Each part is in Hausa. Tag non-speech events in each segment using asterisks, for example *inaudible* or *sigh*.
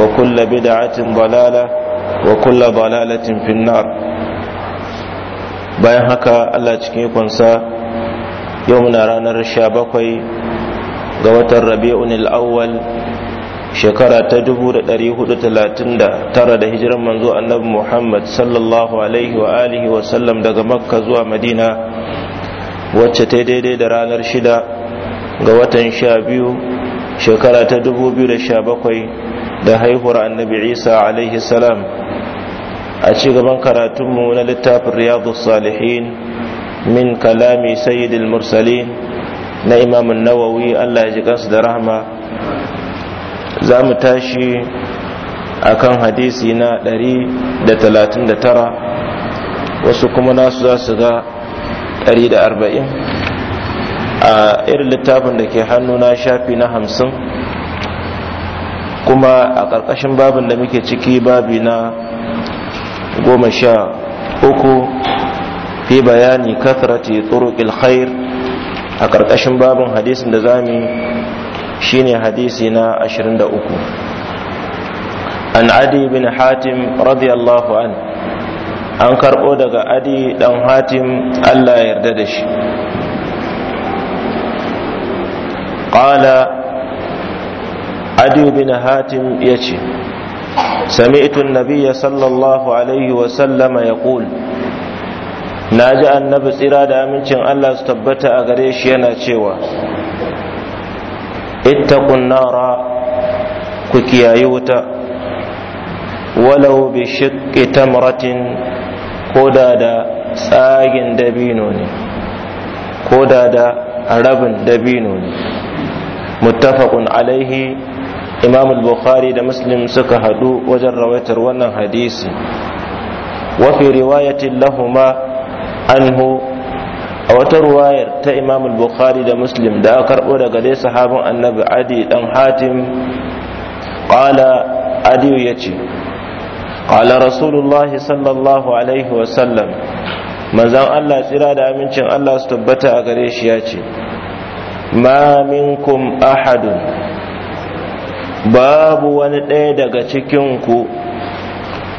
وكل بدعة ضلالة وكل ضلالة في النار bayan haka Allah cikin ikonsa yau muna ranar sha bakwai ga watan rabi'un al-awwal shekara ta dubu da hudu talatin da da tara hijiran manzo annabi Muhammad sallallahu alaihi wa alihi wa sallam daga makka zuwa madina wacce ta daidai da ranar shida ga watan sha biyu shekara ta dubu biyu da sha-bakwai. da haihuwar annabi isa alaihi salam a cigaban karatunmu na littafin riyadu salihin min kalami sayyidil mursalin na imamun nawawi allah ya ji kansu da rahama za mu tashi a kan hadisi na 139 wasu kuma nasu za su ga 140 a irin littafin da ke hannu na shafi na hamsin kuma a ƙarƙashin babin da muke ciki babi na goma sha uku fi bayani kathrati turuqil khair a ƙarƙashin babin hadisin da zami shine hadisi na 23 an adi bin hatim radiyallahu an an karɓo daga adi dan hatim Allah yarda da shi Adu bin hatim ya ce sami'tu nabiyya sallallahu alaihi wa sallama yaqul na ji annabi tsira da amincin Allah su tabbata a gare shi yana cewa Ita nara ku kiyayi wuta walau bi shiqqi tamratin koda da tsagin dabino ne koda da rabin dabino ne muttafaqun alaihi imam bukhari da muslim suka hadu wajen rawaitar wannan hadisi wa fi riwayatin lahuma anhu a wata ruwayar ta imam bukhari da muslim da aka karbo daga dai sahabin annabi adi dan hatim qala adi yace qala rasulullahi sallallahu alaihi wa sallam manzon Allah tsira da amincin Allah su tabbata a gare shi yace ma minkum ahadun babu wani ɗaya daga cikin ku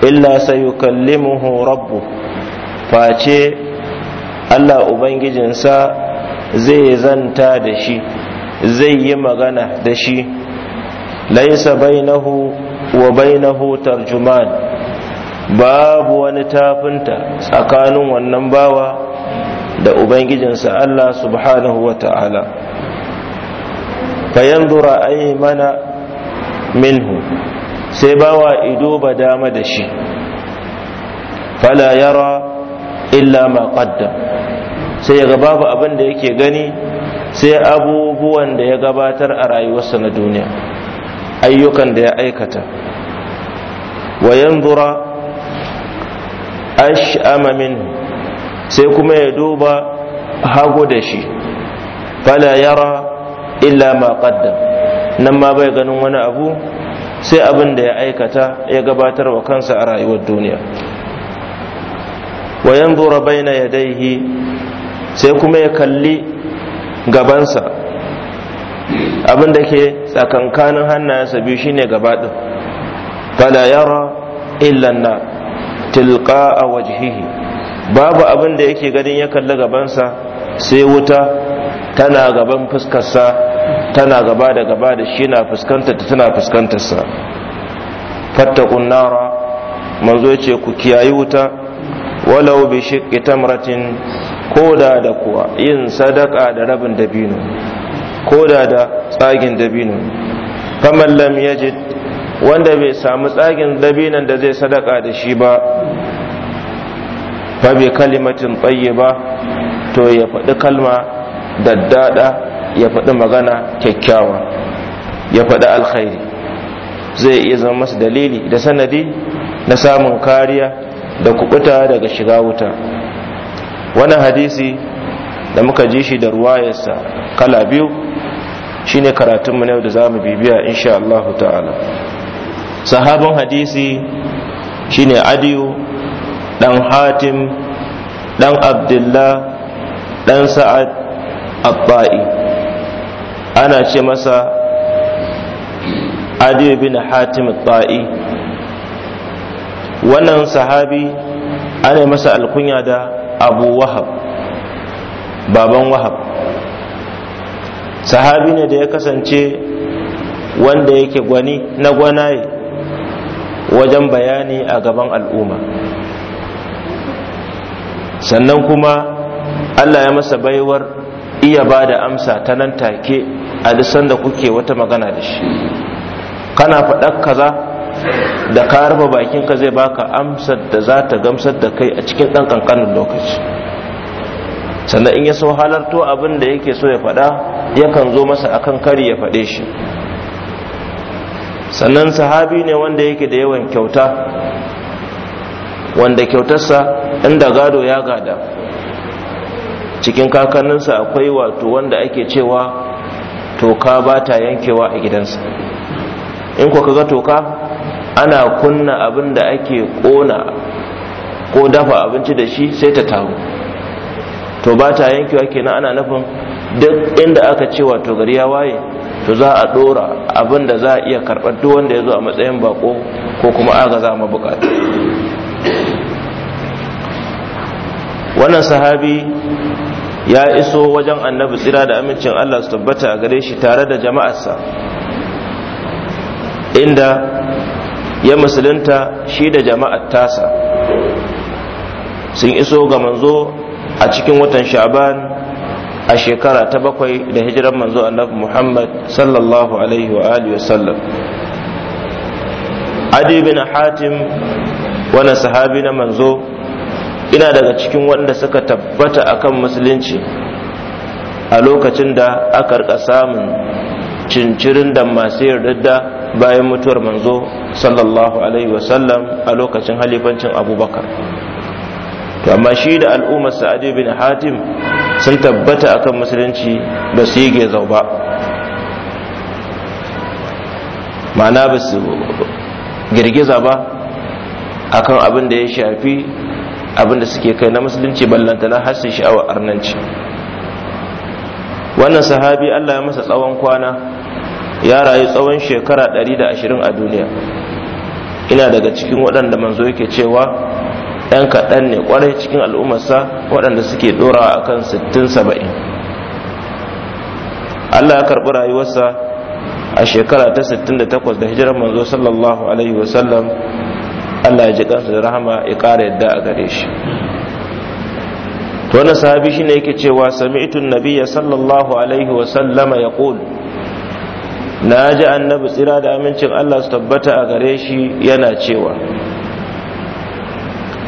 illa sayukallimuhu rabbu face Allah ubangijinsa zai zanta da shi zai yi magana da shi laisa bainahu wa bainahu tarjuman babu wani tafinta tsakanin wannan bawa da ubangijinsa Allah subhanahu wa ta'ala ay mana. minhu sai bawa ido ba dama da shi fala yara illa ma qaddam sai ya babu abin da yake gani sai abubuwan da ya gabatar a rayuwarsa na duniya ayyukan da ya aikata wa yanzura ash'ama minhu sai kuma ya duba hagu da shi fala yara illa ma qaddam nan ma bai ganin wani abu sai abin da ya aikata ya gabatar wa kansa a rayuwar duniya wa yanzura baina yadayhi sai kuma ya kalli gabansa abin da ke tsakankanin hannayensa biyu shine gaba din fala yara illa na tilqa wajhihi babu abin da yake ganin ya kalli gabansa sai wuta tana gaban fuskarsa tana gaba da gaba da shi na fuskantar ta tana fuskantar sa fattakun nara manzo ce ku kiyayi wuta walau bi shiqqi tamratin koda da kuwa yin sadaka da rabin dabino koda da tsagin dabino kamar lam yajid wanda bai samu tsagin dabinan da zai sadaka da shi ba fa bi kalimatin tayyiba to ya faɗi kalma daddada ya faɗi magana kyakkyawa ya faɗi alkhairi zai iya zama masa dalili da sanadi na samun kariya da kuɓuta daga shiga wuta wannan hadisi da muka ji shi da ruwayarsa kala biyu shine karatunmu na yau da za mu bibiya insha Allah ta'ala sahabin hadisi shine adiyu dan hatim dan abdullah dan sa'ad abba'i ana ce masa adi bin hatim ta'i wannan sahabi ana masa alkunya da abu wahab baban wahab sahabi ne da ya kasance wanda yake gwani na gwanaye wajen bayani a gaban al'umma sannan kuma allah ya masa baiwar iya ba da amsa ta nan take a lisan da kuke wata magana da shi kana faɗar kaza da ka rufe bakinka zai baka amsar da za ta gamsar da kai a cikin ɗan ƙanƙanin lokaci sannan in ya so halarto abin da yake so ya faɗa yakan zo masa akan kari ya faɗe shi sannan sahabi ne wanda yake da yawan kyauta wanda kyautarsa inda gado ya gada cikin kakanninsa akwai wato wanda ake cewa toka ba ta yankewa a gidansa in kuwa ga toka ana kunna abin da ake kona ko dafa abinci da shi sai ta taru to ba ta yankewa kenan ana nufin duk inda aka ce wato gari ya waye to za a dora abin da za a iya karɓar duk wanda ya zo a matsayin bako ko kuma agaza mabukatu wannan sahabi ya iso wajen annabi tsira da amincin Allah su tabbata a gare shi tare da jama'arsa inda ya musulunta shi da jama'ar tasa sun iso ga manzo a cikin watan sha'ban a shekara ta bakwai da hijiran manzo annabi Muhammad sallallahu alaihi wa alihi wasallam Adi bin Hatim wani sahabi na manzo ina daga cikin wanda suka tabbata akan musulunci a lokacin da aka rika samun cincirin da masu yarda bayan mutuwar manzo sallallahu alaihi wasallam a lokacin halifancin abubakar to amma shi da al'ummar sa'adu bin hatim sun tabbata akan musulunci ba su yi gezau ba ma'ana ba su girgiza ba akan abin da ya shafi abinda suke kai na musulunci ballanta na har su sha'awar arnanci wannan sahabi Allah ya masa tsawon kwana ya rayu tsawon shekara 120 a duniya ina daga cikin waɗanda manzo yake cewa ɗan kaɗan ne ƙwarai cikin al'ummarsa waɗanda suke ɗora a kan 60-70 allah ya karɓi rayuwarsa a shekara ta 68 da hijirar manzo sallallahu alaihi wasallam Allah ya ji kansa da rahama ya ƙara yadda a gare shi to wani sahabi shine yake cewa samitun nabiyya sallallahu alaihi wa sallama yaqul na ji annabi tsira da amincin Allah su tabbata a gare shi yana cewa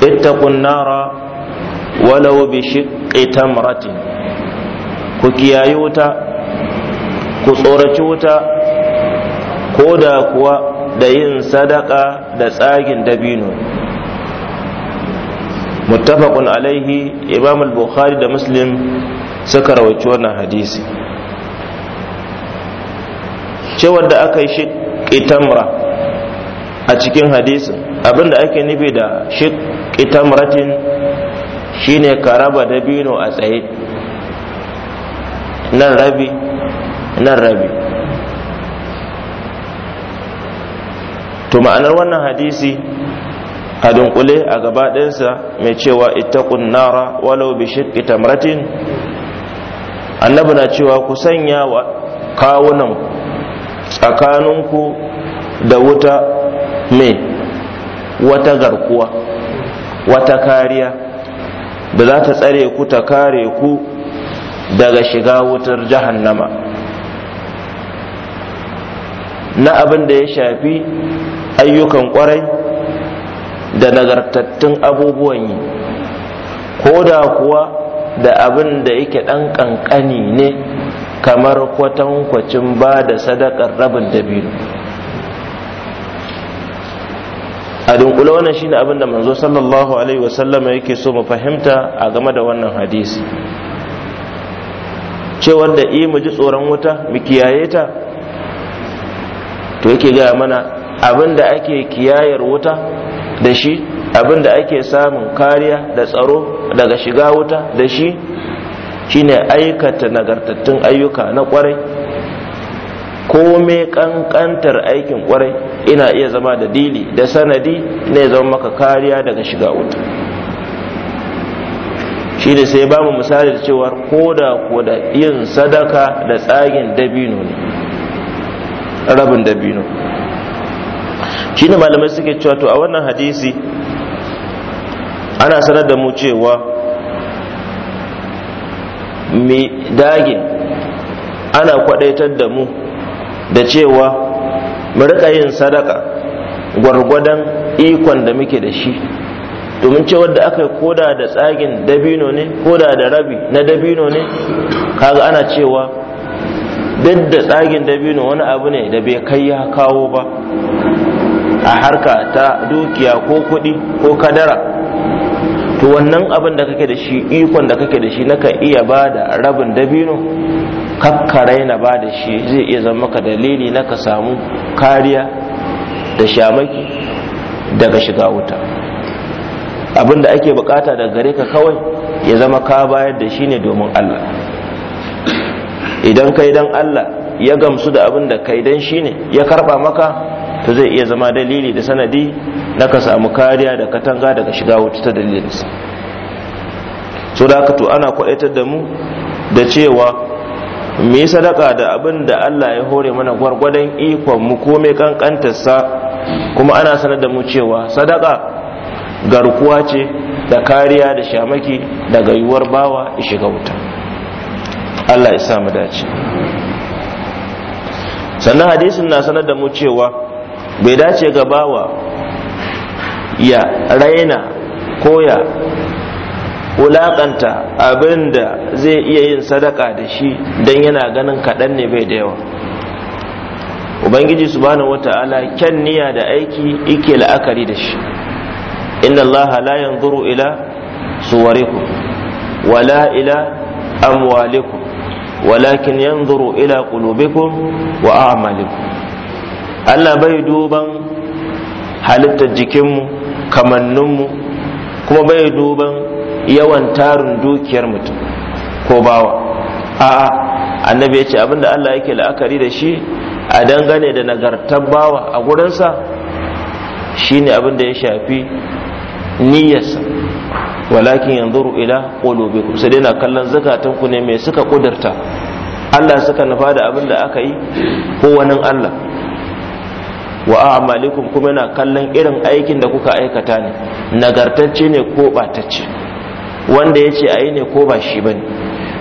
ittaqun nara walau bi shiqqi tamratin ku kiyaye wuta ku tsoraci wuta ko da kuwa da yin sadaka da tsagin dabino muttafaqun alaihi imam al-bukhari da muslim suka rawaci wannan hadisi cewar da aka yi shi itamra a cikin hadisin abinda ake nufi da shi itamratin shine karaba dabino a tsaye nan rabi nan rabi to ma'anar wannan hadisi a dunkule a gaba mai cewa ittaqun nara walau bi shiqqi tamratin annabi na cewa ku sanya wa kawunan tsakaninku da wuta mai wata garkuwa wata kariya da za ta tsare ku ta kare ku daga shiga wutar jahannama na abin da ya shafi ayyukan kwarai da nagartattun abubuwan yi ko da kuwa da abin da yake ɗan ƙanƙani ne kamar kwatankwacin ba da sadakar rabin dabino a dunkula wannan shine abin da manzo sallallahu alaihi wasallama yake so mu fahimta a game da wannan hadisi cewar da mu ji tsoron wuta mu kiyaye ta to yake gaya mana Abinda ake kiyayar wuta da shi abinda ake samun kariya da tsaro daga shiga wuta da shi shine aikata nagartattun ayyuka na kwarai mai kankantar aikin kwarai ina iya zama da dili da sanadi ne zama maka kariya daga shiga wuta shi da sai bamu misali da cewar koda koda yin sadaka da tsagin dabino ne rabin dabino shine malamai suke cewa to a wannan hadisi ana sanar da mu cewa mi dagin ana kwadaitar da mu da cewa mu rika yin sadaka gwargwadon ikon da muke da shi domin cewa da aka yi koda da tsagin dabino ne koda da rabi na dabino ne kaga ana cewa duk da tsagin dabino wani abu ne da bai kai ya kawo ba a harka ta dukiya ko kuɗi ko kadara to wannan abin da kake da shi ikon da kake da shi naka iya ba da rabin dabino kakkare na ba da shi zai iya zama ka dalili na ka samu kariya da shamaki daga shiga wuta abin da ake bukata daga gare ka kawai ya zama ka bayar da shi ne domin Allah idan kai dan Allah ya gamsu da abin da kai dan shi ne ya karba maka to zai iya zama dalili da sanadi na ka samu kariya da katanga daga shiga wuta ta dalilinsa so da to ana kwaɗaitar da mu da cewa mu sadaka da abin da Allah ya hore mana gwargwadon ikon mu kome kankantarsa kuma ana sanar da mu cewa sadaka garkuwa ce da kariya da shamaki daga yiwuwar bawa ya shiga wuta Allah ya sa dace sannan hadisin na sanar da mu cewa bai dace ga bawa ya raina ko ya wulaƙanta abin da zai iya yin sadaka da shi don yana ganin kaɗan ne bai da yawa ubangiji subhanahu wata'ala kyan niyya da aiki ike la'akari da shi inna allaha la zuru ila suwarikum wala ila amwalikum walakin yanzuru ila qulubikum wa amalikun Allah bai duban halittar jikinmu kamanninmu kuma bai duban yawan tarin dukiyar mutum ko bawa a'a annabi ya ce abinda Allah yake la'akari da shi a dangane da nagartar bawa a gurinsa shine abinda ya shafi niyyarsa walakin yanzuru ila qulubikum kusa dai na kallon zakatanku ne mai suka kudurta Allah suka nufa da abinda aka yi ko Allah wa a'malikum kuma yana kallon irin aikin da kuka aikata ne nagartacce ne ko batacce wanda yace ayi ne ko ba shi bane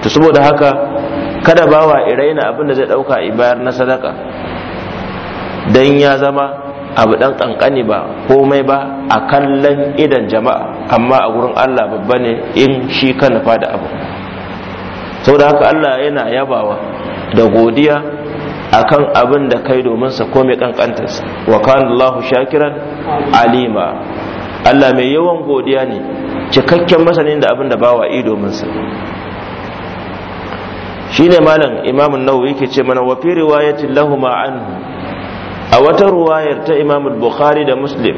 to saboda haka kada bawa iraina abin da zai dauka ibayar na sadaka dan ya zama abu dan kankani ba komai ba a kallon idan jama'a amma a gurin Allah babba ne in shi kan fada abu saboda haka Allah yana yabawa da godiya akan abin da kai domin sa ko mai wa kana Allah shakiran alima Allah mai yawan godiya ne cikakken masanin da abin da bawa ido domin sa shine malam Imam An-Nawawi yake ce mana wa fi riwayati lahum anhu a wata ruwayar ta Imam Bukhari da Muslim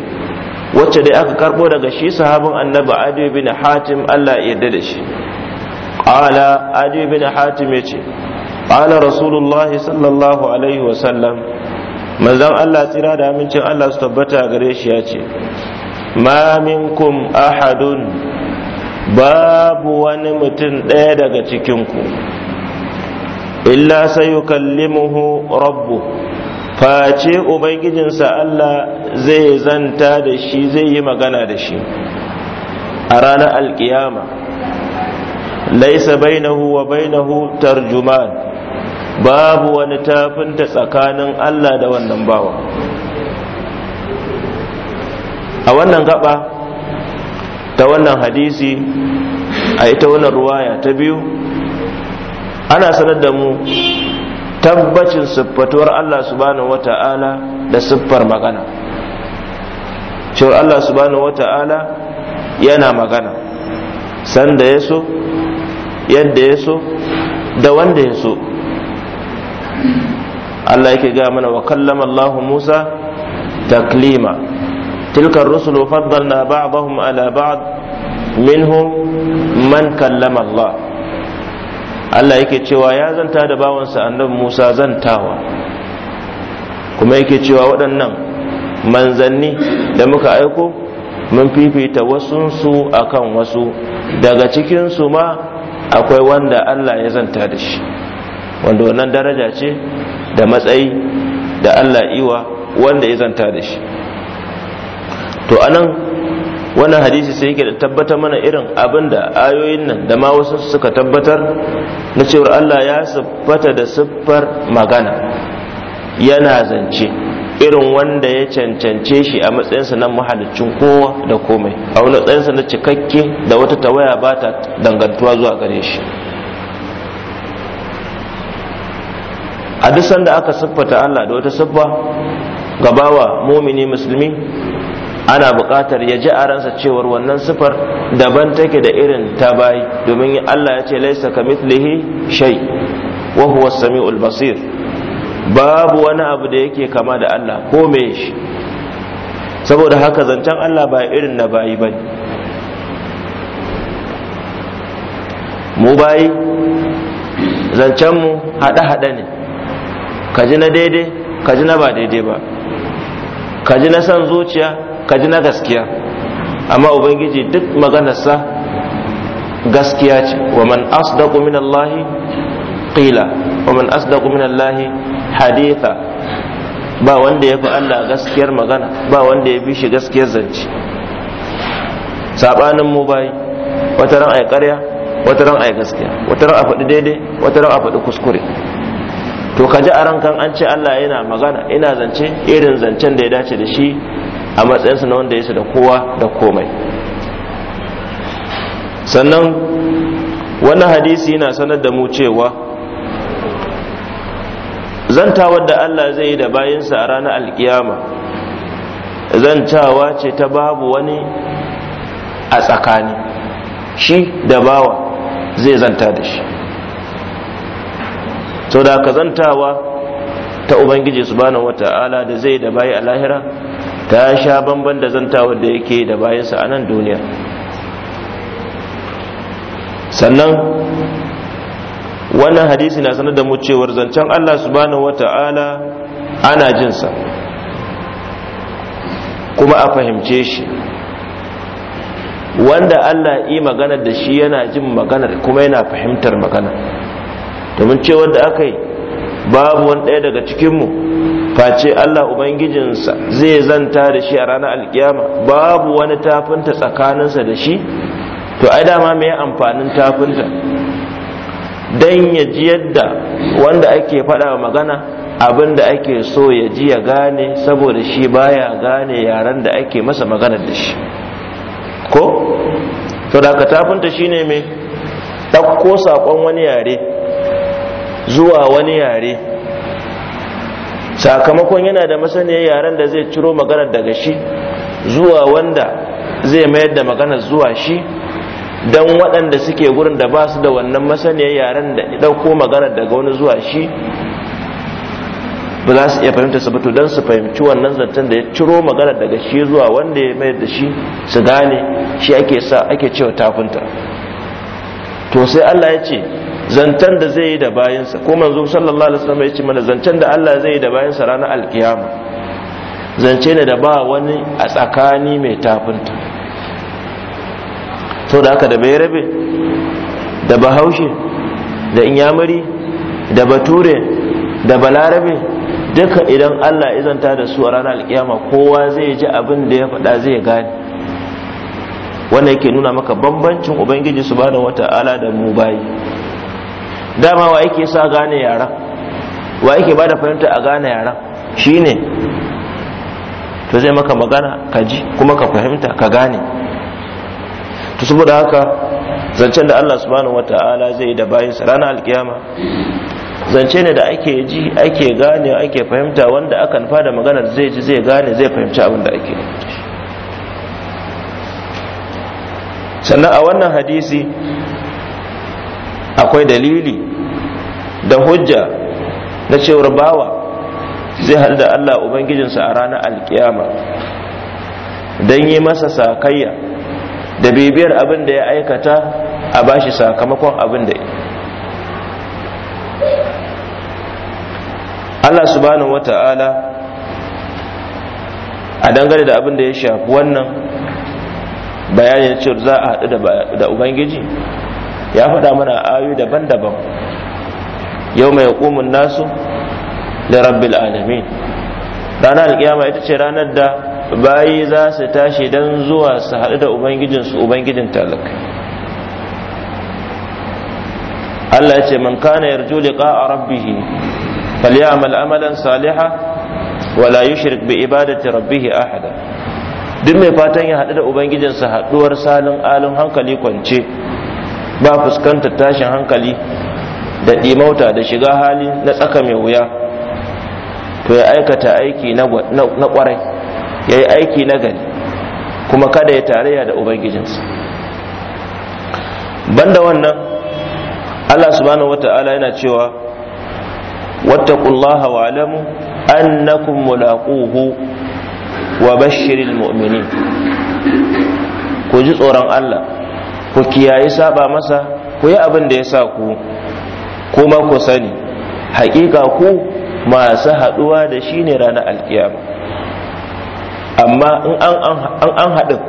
wacce dai aka karbo daga shi sahabin Annabi Adi bin Hatim Allah ya yarda da shi qala Adi bin Hatim yace qala rasulullahi sallallahu alaihi wa sallam manzon Allah tsira da amincin Allah su tabbata gare shi ya ce ma minkum ahadun babu wani mutum ɗaya daga cikinku illa sai yukallimuhu rabbu face ubangijinsa Allah zai zanta da shi zai yi magana da shi a ranar alkiyama laisa huwa bai na bainahu tarjuman babu wani tafinta tsakanin Allah da wannan bawa a wannan gaba ta wannan hadisi a ita wannan ruwaya ta biyu ana sanar da mu tabbacin siffatuwar Allah subhanahu wata'ala da siffar magana cewar Allah subhanahu wata'ala yana magana sanda ya so yadda ya so da wanda ya so Allah yake ga mana wa kallama Allah Musa taklima tilka ar-rusul faddalna ba'dahum ala ba'd minhum man kallama Allah Allah yake cewa ya zanta da bawansa annabi Musa zantawa kuma yake cewa waɗannan manzanni da muka aiko mun fifita wasunsu akan wasu daga cikinsu ma akwai wanda Allah ya zanta da shi wanda wannan daraja ce da matsayi da Allah iwa wanda ya zanta da shi to anan wannan hadisi sai yake da tabbatar mana irin abin da ayoyin nan da ma wasu suka tabbatar na cewar Allah ya siffata da siffar magana yana zance irin wanda ya cancance shi a matsayinsa na mahalicin kowa da komai a wani matsayinsa na cikakke da wata tawaya ba ta dangantuwa zuwa gare shi a duk sanda aka siffata Allah da wata siffa gabawa mumini musulmi ana buƙatar ya ji a ransa cewar wannan siffar daban take da irin ta bayi domin Allah ya ce laisa kamithlihi shay wa huwa samiul basir babu wani abu da yake kama da Allah ko me shi saboda haka zancen Allah ba irin na bayi bane mu bayi zancenmu haɗe-haɗe ne ka ji na daidai ka ji na ba daidai ba ka ji na san zuciya ka ji na gaskiya amma ubangiji duk maganarsa gaskiya ce wa man asdaqu min allahi qila wa man asdaqu min allahi haditha ba wanda ya fi Allah gaskiyar magana ba wanda ya fi shi gaskiyar zance sabanin mu bai wata ran ai ƙarya wata ran ai gaskiya wata ran a faɗi daidai wata ran a faɗi kuskure to ka ji a rankan an ce Allah yana magana ina zance irin zancen da ya dace da shi a matsayinsa na wanda ya da kowa da komai sannan wani hadisi yana sanar da mu cewa zantawar da Allah zai yi da bayansa a ranar alkiyama zantawa ce ta babu wani a tsakani shi da bawa zai zanta da shi sau da kazantawa ta ubangiji subhanahu wata'ala da zai da bayi a lahira ta sha bamban da zantawa da yake da bayansa a nan duniya sannan wannan hadisi na sanar da mu cewar zancen allah subhanahu wata'ala ana jinsa kuma a fahimce shi wanda allah yi magana da shi yana jin maganar kuma yana fahimtar magana. domin cewar da aka yi babu wani ɗaya daga cikinmu face Allah Ubangijinsa zai zanta da shi a ranar alkiyama babu wani tafinta tsakaninsa da shi to ai dama me amfanin tafinta don ya ji yadda wanda ake faɗa magana abin da ake so ya ji ya gane saboda shi baya gane yaren da ake masa magana da shi ko to da ka tafinta shine mai ɗauko saƙon wani yare zuwa wani yare sakamakon yana da masaniyar yaren da zai ciro maganar daga shi zuwa wanda zai mayar da maganar zuwa shi don waɗanda suke gurin da ba su da wannan masaniya yaren da ɗauko maganar daga wani zuwa shi ba za su iya fahimta fito don su fahimci wannan zaton da ya ciro maganar daga shi zuwa wanda ya mayar da shi su gane shi ake ake cewa tafinta to sai Allah ya ce zantan da zai yi da bayansa ko manzo sallallahu alaihi wasallam ya ce mana zantan da Allah zai yi da bayansa ranar alkiyama zance ne da ba wani a tsakani mai tafinta to da haka da bai rabe da bahaushe da inyamuri da bature da balarabe duka idan Allah izanta da su a ranar alkiyama kowa zai ji abin da ya faɗa zai gane wannan yake nuna maka bambancin ubangiji subhanahu wata'ala da mu bayi dama wa yake sa gane yaran wa yake bada fahimta a gane yaran shine to zai maka magana ka ji kuma ka fahimta ka gane to saboda haka zancen da Allah subhanahu wata'ala zai yi da bayansa ranar alkiyama zance ne da ake ji ake gane ake fahimta wanda aka nufa da maganar zai ji zai gane zai fahimci abin da ake sannan a wannan hadisi akwai dalili da hujja na cewar bawa zai haɗu da Allah Ubangijinsa a ranar alkiyama don yi masa sakayya da bibiyar abin da ya aikata a bashi sakamakon abin da Allah subhanahu wata'ala a dangane da abin da ya shafi wannan bayanin cewar za a haɗu da Ubangiji ya faɗa mana ayoyi daban-daban yau mai hukumin nasu da rabbil alamin ranar alkiyama ita ce ranar da bayi za su tashi don zuwa su haɗu da ubangijinsu ubangijin talak Allah ya ce man kana yarju a rabbihi falyamal amalan saliha wala yushrik bi ibadati a ahada duk mai fatan ya haɗu da ubangijinsa haɗuwar salin alin hankali kwance ba fuskantar tashin hankali da ɗimauta da shiga hali na tsaka mai wuya to ya aikata aiki na ƙwarai ya yi aiki na gari kuma kada ya tarayya da ubangijinsa banda wannan allah subhanahu yana cewa wattaqullaha wa alamu annakum mulaquhu wa bashiril mu'minin ku ji tsoron allah ku kiyaye saba masa ku yi abin da ya sa ku kuma ku sani hakika ku masu haɗuwa da shi ne ranar alkiyama amma in an haɗin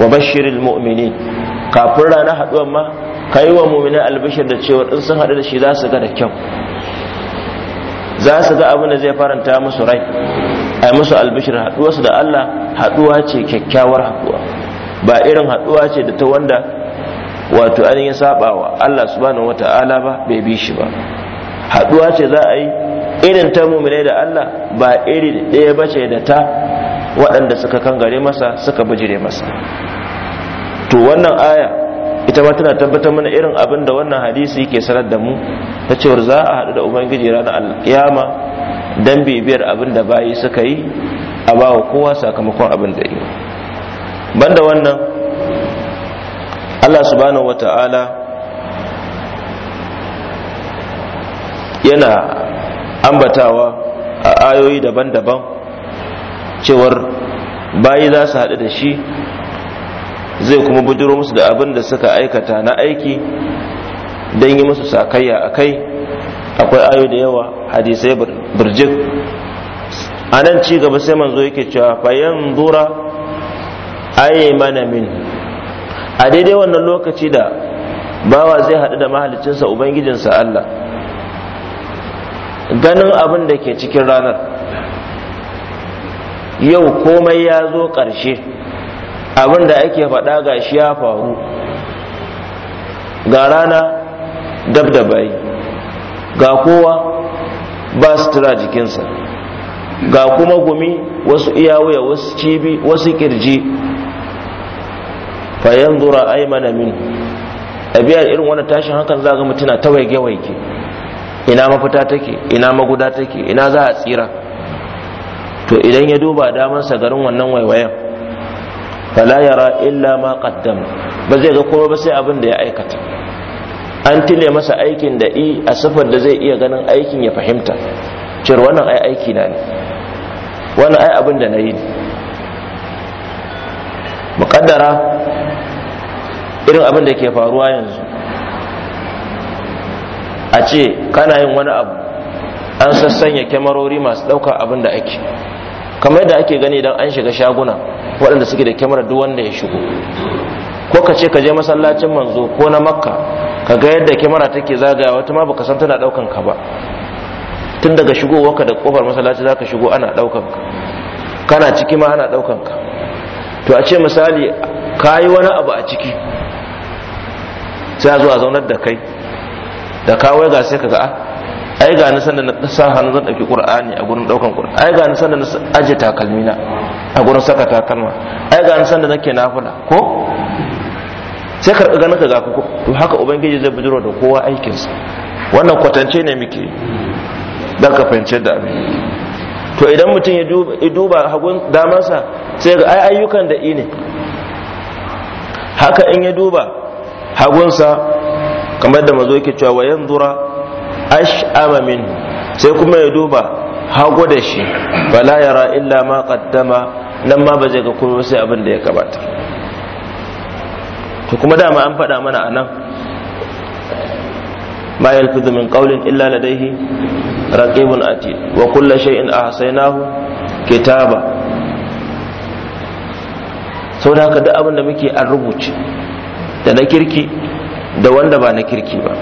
wa bashirin mu'mini kafin ranar haɗuwar ma ka yi wa mu'mini albishir da cewa in sun haɗu da shi za su ga da kyau za su ga abin da zai faranta musu rai a musu albishir haɗuwarsu da allah haɗuwa ce kyakkyawar haɗuwa ba irin haduwa ce da ta wanda wato an yi sabawa Allah subhanahu wata'ala ba bai bi shi ba Haɗuwa ce za a yi irin ta mumine da Allah ba iri ɗaya ba ce da ta waɗanda suka kangare masa suka bijire masa to wannan aya ita ma tana tabbatar mana irin abin da wannan hadisi yake sanar da mu ta cewar za a haɗu da ubangiji ranar alkiyama dan bibiyar abin da bayi suka yi a bawa kowa sakamakon abin da yi banda wannan Allah subhanahu Ta'ala yana ambatawa a ayoyi daban-daban cewar bayi za su haɗu da shi zai kuma bujiro musu da abin da suka aikata na aiki don yi musu sakayya a kai akwai ayo da yawa hadisai birjik a nan ci gaba sai manzo yake cewa fayan zura aymana min a daidai wannan lokaci da bawa zai haɗu da mahalicinsa ubangijinsa Allah ganin abin da ke cikin ranar yau komai ya zo ƙarshe abin da ake faɗa ga shi ya faru ga rana dab da bayi ga kowa ba su tura jikinsa ga kuma gumi wasu iyawuya wasu cibi wasu kirji fa yanzura aymana min abiya irin wannan tashin hakan za ga mutuna ta waige waige ina mafita take ina maguda take ina za a tsira to idan ya duba daman sa garin wannan waiwayen fala yara illa ma qaddam ba zai ga kowa ba sai abin da ya aikata an tile masa aikin da i a sifar da zai iya ganin aikin ya fahimta cewar wannan ai aiki na ne wannan ai abin da na yi muƙaddara irin abin da ke faruwa yanzu a ce kana yin wani abu an sassanya kyamarori masu ɗaukar abin da ake kamar yadda ake gani idan an shiga shaguna waɗanda suke da kyamarar duk wanda ya shigo ko ka ce ka je masallacin manzo ko na makka ka ga yadda kyamara take zagaya wata ma baka san tana ɗaukan ka ba tun daga shigowarka da kofar masallaci za ka shigo ana ɗaukan ka kana ciki ma ana ɗaukan ka to a ce misali ka yi wani abu a ciki sai zuwa zaunar da kai da kawai ga sai kaga ah, ai ga ni sanda na sa hannu zan dauki qur'ani a gurin daukan qur'ani ai ga ni sanda na aje takalmi na a gurin saka takalma ai ga ni sanda nake nafila ko sai karɓi ganin ka ga ku to haka ubangiji zai bijiro da kowa aikinsa wannan kwatance ne muke dan ka fahimce da abin to idan mutum ya duba hagun damansa sai ga ai ayyukan da ne haka in ya duba hagunsa kamar da mazo yake cewa wayan dura ash'ama min sai kuma ya duba hagu da shi bala yara illa ma qaddama nan ma ba zai ga komai sai abin da ya gabata to kuma dama an faɗa mana anan ma yalfidu min qawlin illa ladayhi raqibun atid wa kullu shay'in ahsaynahu kitaba saboda haka duk abin da muke an rubuce da na kirki da wanda ba na kirki ba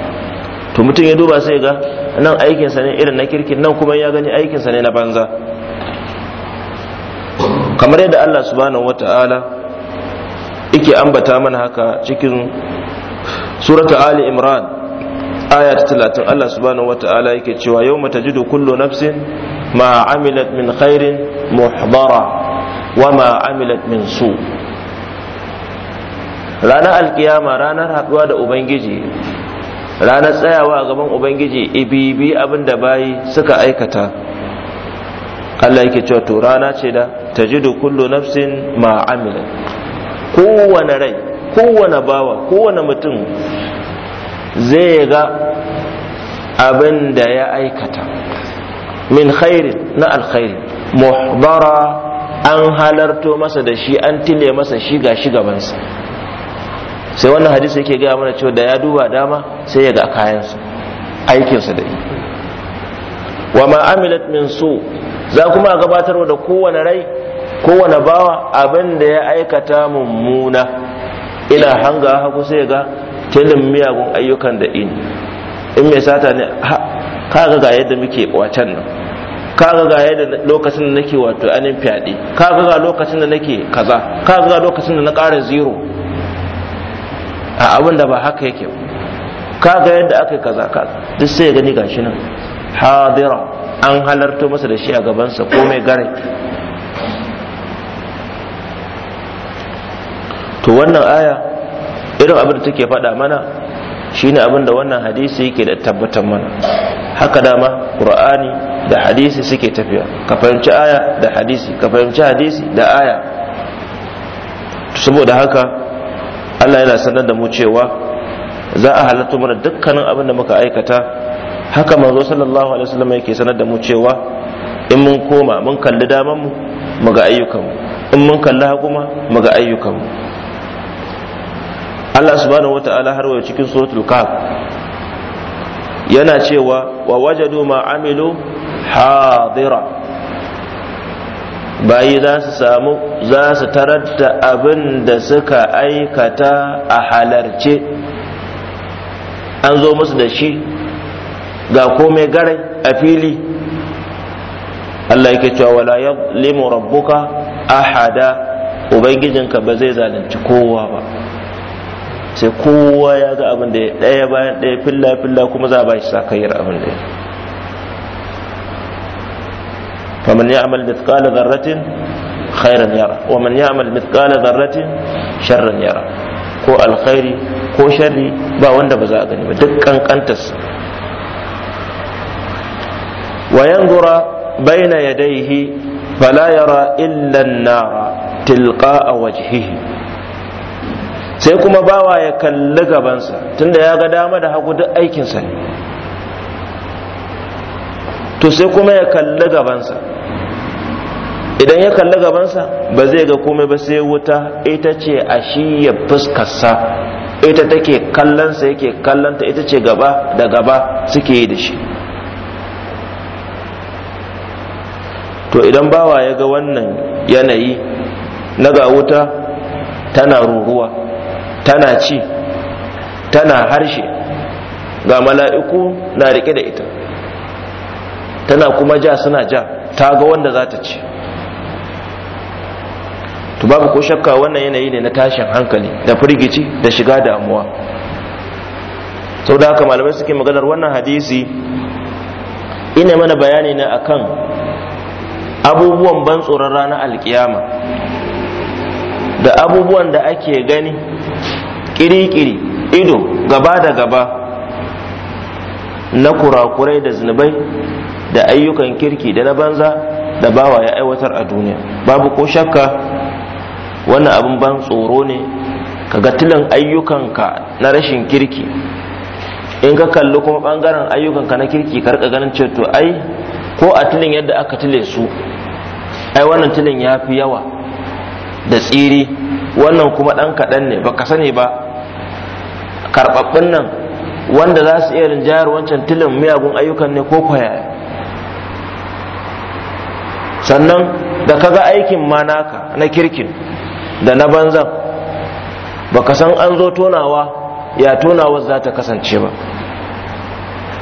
to mutum ya duba sai ga nan aikinsa ne irin na kirki nan kuma ya gani aikinsa ne na banza kamar yadda Allah subhanahu wata'ala yake ambata mana haka cikin surata ali imran aya ta talatin Allah subhanahu wata'ala yake cewa yau mata jidu kullu nafsin ma amilat min khairin muhbara wa ma amilat min su' ranar alkiyama ranar haɗuwa da ubangiji ranar tsayawa a gaban ubangiji ibibi abin da bayi suka aikata Allah yake cewa to rana ce da tajidu kullu nafsin ma amila kowane rai kowane bawa kowane mutum zai ga abin da ya aikata min khairi na alkhairi muhdara an halarto masa da shi an tile masa shi ga shi gabansa sai wannan hadisi yake gaya mana cewa da ya duba dama sai ya ga kayansa aikinsu da yi wa ma amilat min su za kuma a gabatarwa da kowane rai kowane bawa abin da ya aikata mummuna ina hanga haku sai ga tilin miyagun ayyukan da in in mai sata ne kaga ga yadda muke wacan nan kaga ga yadda lokacin da nake wato anin fyaɗe kaga ga lokacin da nake kaza kaga ga lokacin da na ƙara zero a abin da ba haka yake ka ga yadda aka yi kaza ka duk sai ya gani gashi nan hadira an halarto masa da shi a gabansa ko mai gare to wannan aya irin abin da take faɗa mana shine abin da wannan hadisi yake da tabbatar mana haka dama ƙur'ani da hadisi suke tafiya ka fahimci aya da hadisi ka fahimci hadisi da aya saboda haka Allah yana sanar da mu cewa za a halatta mana dukkanin abin da muka aikata haka manzo sallallahu alaihi wasallam yake sanar da mu cewa in mun koma mun kalli daman mu mu ga ayyukan mu in mun kalli haguma mu ga ayyukan mu Allah subhanahu wata'ala har wa cikin suratul kahf yana cewa wa wajadu ma amilu hadira bayi za su samu za su tarar abin da suka aikata a halarce an zo musu da shi ga komai garai a fili Allah yake cewa wala limu rabbuka ahada ubangijinka ba zai zalunci kowa ba sai kowa ya ga abin da ya ɗaya bayan ɗaya filla filla kuma za a ba shi sakayyar abin da ya faman ya'mal mithqala dharratin khairan yara wa man ya'mal mithqala dharratin sharran ko alkhairi ko sharri ba wanda ba za a gani ba duk kankantas wa yanzura baina yadayhi fala yara illa an-nara a wajhihi sai kuma bawa ya kalli gabansa tunda ya ga dama da hagu duk aikinsa ne to sai kuma ya kalli gabansa idan ya kalli gabansa ba zai ga komai ba sai wuta ita ce a shi ya fuskarsa ita take kallonsa yake kallonta ita ce gaba da gaba suke yi da shi to idan bawa ya ga wannan yanayi na ga wuta tana ruruwa tana ci tana harshe ga mala'iku na riƙe da ita tana kuma ja suna ja ta ga wanda za ta ci to babu ko shakka wannan yanayi ne na tashin hankali da firgici da shiga damuwa sau da haka malamai suke maganar wannan hadisi ina mana bayani ne akan abubuwan ban tsoron ranar alkiyama da abubuwan da ake gani kirikiri ido gaba da gaba na kurakurai da zunubai da ayyukan kirki da na banza da bawa ya aiwatar a duniya babu ko shakka wannan abin ban tsoro ne ka ga tilin ayyukanka na rashin kirki in ka kalli kuma bangaren ayyukanka na kirki ka rika ganin ceto to ai ko a tilin yadda aka tile su ai wannan tilin ya fi yawa da tsiri wannan kuma ɗan kaɗan ne ba ka sani ba karɓaɓɓun nan wanda za su iya rinjayar wancan tilin miyagun ayyukan ne ko kwaya sannan da kaga aikin ma naka na kirkin da na banzan baka san an zo tonawa ya tonawa za ta kasance ba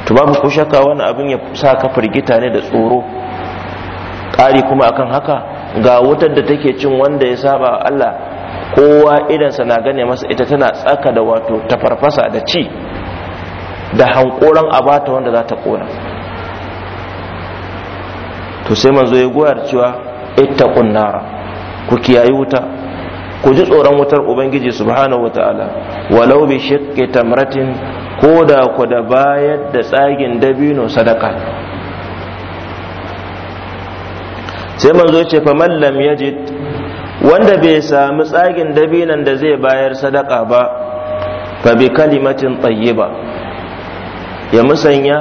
to babu ko shakka wani abin ya sa ka firgita ne da tsoro ƙari kuma akan haka ga wutar da take cin wanda ya saba Allah kowa idansa na gane masa ita tana tsaka da wato ta farfasa da ci da hankoran bata wanda za ta kona to sai manzo ya da cewa ita kunnara ku kiyayi wuta ku ji tsoron wutar ubangiji subhanahu wataala walau bi shiqqi tamratin ko da ku da bayar da tsagin dabino sadaka sai manzo ce fa Mallam ya yajid wanda bai sami tsagin dabinan da zai bayar sadaka ba fa bi kalimatin ba. ya musanya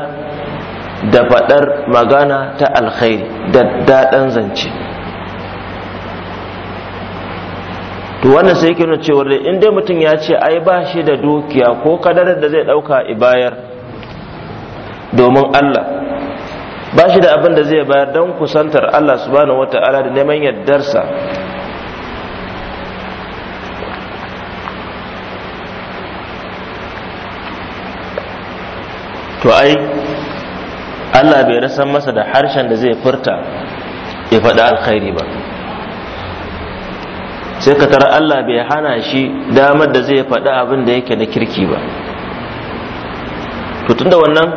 da faɗar magana ta alkhairi da daɗan zance to wannan sai yake nuna cewa in dai mutum ya ce ai ba shi da dukiya ko kadarar da zai dauka ibayar domin Allah ba shi da abin da zai bayar don kusantar Allah subhanahu wata'ala da neman yardarsa to ai Allah bai rasa masa da harshen da zai furta ya faɗi alkhairi ba sai ka tara Allah bai hana shi damar da zai faɗi abin da yake na kirki ba to tunda wannan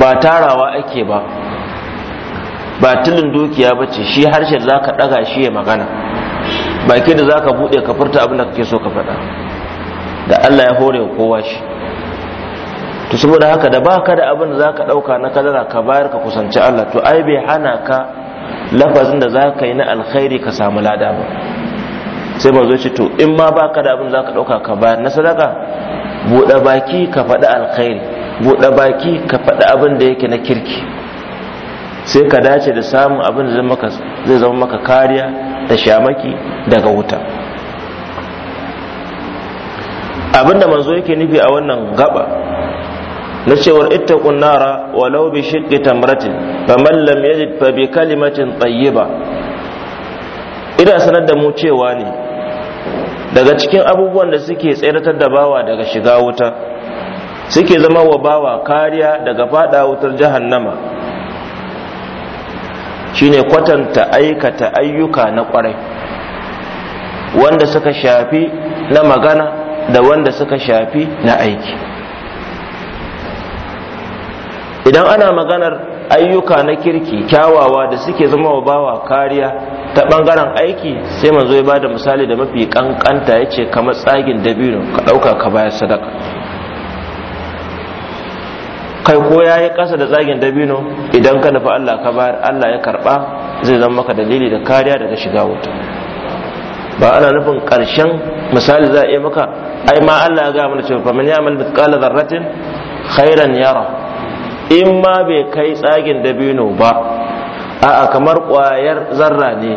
ba tarawa ake ba ba tilin dukiya ba ce shi harshe za ka ɗaga shi ya magana baki da za ka buɗe ka furta abin da kake so ka faɗa da Allah ya hore kowa shi to saboda haka da ba ka da abin da za ka ɗauka na kadara ka bayar ka kusanci Allah to ai bai hana ka lafazin da za ka yi na alkhairi ka samu lada ba sai manzo ce to in ma baka da abin zaka dauka ka bayar na sadaka buɗe baki ka faɗi alkhairi buɗe baki ka faɗi abin da yake na kirki sai ka dace da samun abin da zai zama maka kariya da shamaki daga wuta abin da manzo yake nufi a wannan gaba na cewar ittaqun nara walau bi shiqqi tamratin faman lam yajid fa bi kalimatin tayyiba ina sanar da mu cewa ne daga cikin abubuwan da suke tsayatar da bawa daga shiga wuta suke zama wa bawa kariya daga fada wutar jahannama shine kwatanta aikata ayyuka na kwarai wanda suka shafi na magana da wanda suka shafi na aiki idan ana maganar ayyuka na kirki kyawawa da suke zama wa bawa kariya ta bangaren aiki sai manzo ya bada misali da mafi kankanta ya ce kamar tsagin dabino ka ɗauka ka bayar sadaka kai ko ya yi ƙasa da tsagin dabino idan ka nufi allah ka bayar allah ya karɓa zai zama maka dalili da kariya daga shiga wuta ba ana nufin karshen misali za a iya maka ai ma Allah ya ga mana cewa faman ya'mal mithqala dharratin khairan yara in ma bai kai tsagin dabino ba a'a kamar kwayar zarra ne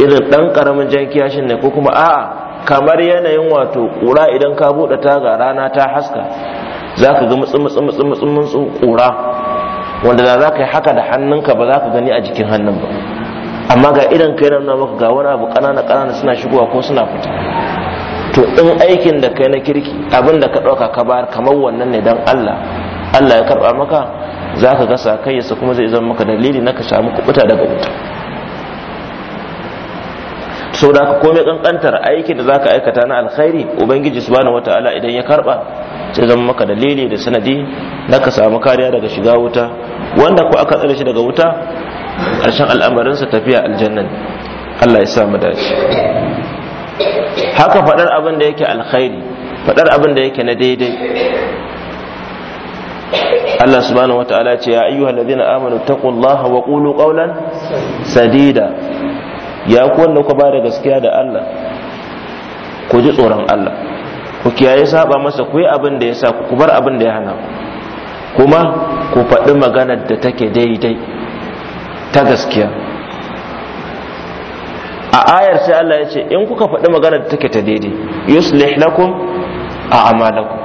irin ɗan karamin jankiya ne ko kuma a'a kamar yanayin wato ƙura idan ka buɗe taga rana ta haska za ka ga mutsum mutsum mutsum mutsu mutsu kura wanda da za yi haka da hannunka ba za gani a jikin hannun ba amma ga idan kai nan maka ga wani abu kanana-kanana suna shigowa ko suna fita to in aikin da kai na kirki abin da ka ɗauka ka bayar kamar wannan ne dan Allah Allah ya karba maka za ka gasa kayyarsa kuma zai zama maka dalili na ka samu kubuta daga wuta sau da ka komai kankantar aikin da za ka aikata na alkhairi ubangiji subhanahu wataala idan ya karba sai zama maka dalili da sanadi na ka samu kariya daga shiga wuta wanda ku aka tsare shi daga wuta ƙarshen al'amarinsa tafiya aljannan Allah ya samu dace haka faɗar abin da yake alkhairi faɗar abin da yake na daidai Allah subhanahu wataala ce ya ayyuha allazina amanu taqullaha wa qulu qawlan sadida ya ku wanda ku ba da gaskiya da Allah ku ji tsoron Allah ku kiyaye saba masa ku yi abin da ya sa ku bar abin da ya hana ku kuma ku faɗi maganar da take daidai ta gaskiya a ayar sai Allah ya ce in kuka faɗi maganar da take ta daidai yuslih lakum a amalakum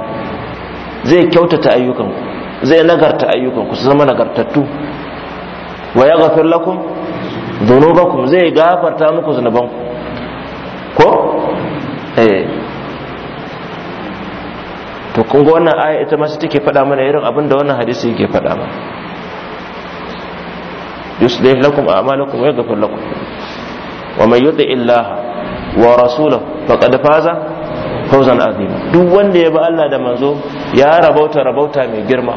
zai kyautata ayyukanku zai nagarta ayyukan ku su zama nagartattu wa ya gafir lakum dhunubakum zai gafarta muku ku? ko eh to kun ga wannan aya ita ma sai take faɗa mana irin abin da wannan hadisi yake faɗa mana yuslih lakum a'malakum wa yaghfir lakum wa man yuti illaha wa rasulahu faqad faza fauzan azima duk wanda ya bi Allah da manzo ya rabauta rabauta mai girma